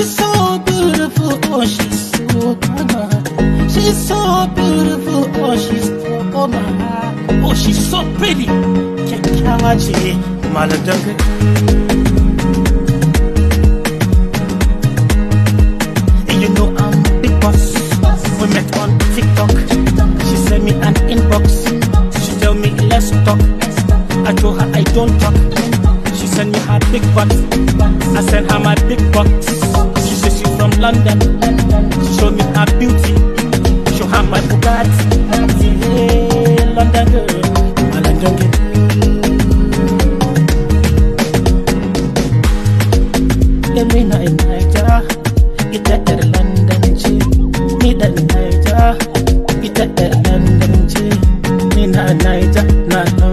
She's so beautiful, oh she's so good. She's so beautiful, oh she's so good. Oh she's so pretty. Kyakkyawa ce maladar. You know I'm big boss. We met on TikTok. She sent me an inbox. She tell me let's talk. I told her I don't talk. She sent me her big butt. I sent her my big London. She me her beauty. She had my Bugatti. Hey, London girl, Niger, you get that London G. Me that Niger, you get that London G. Me that Niger, na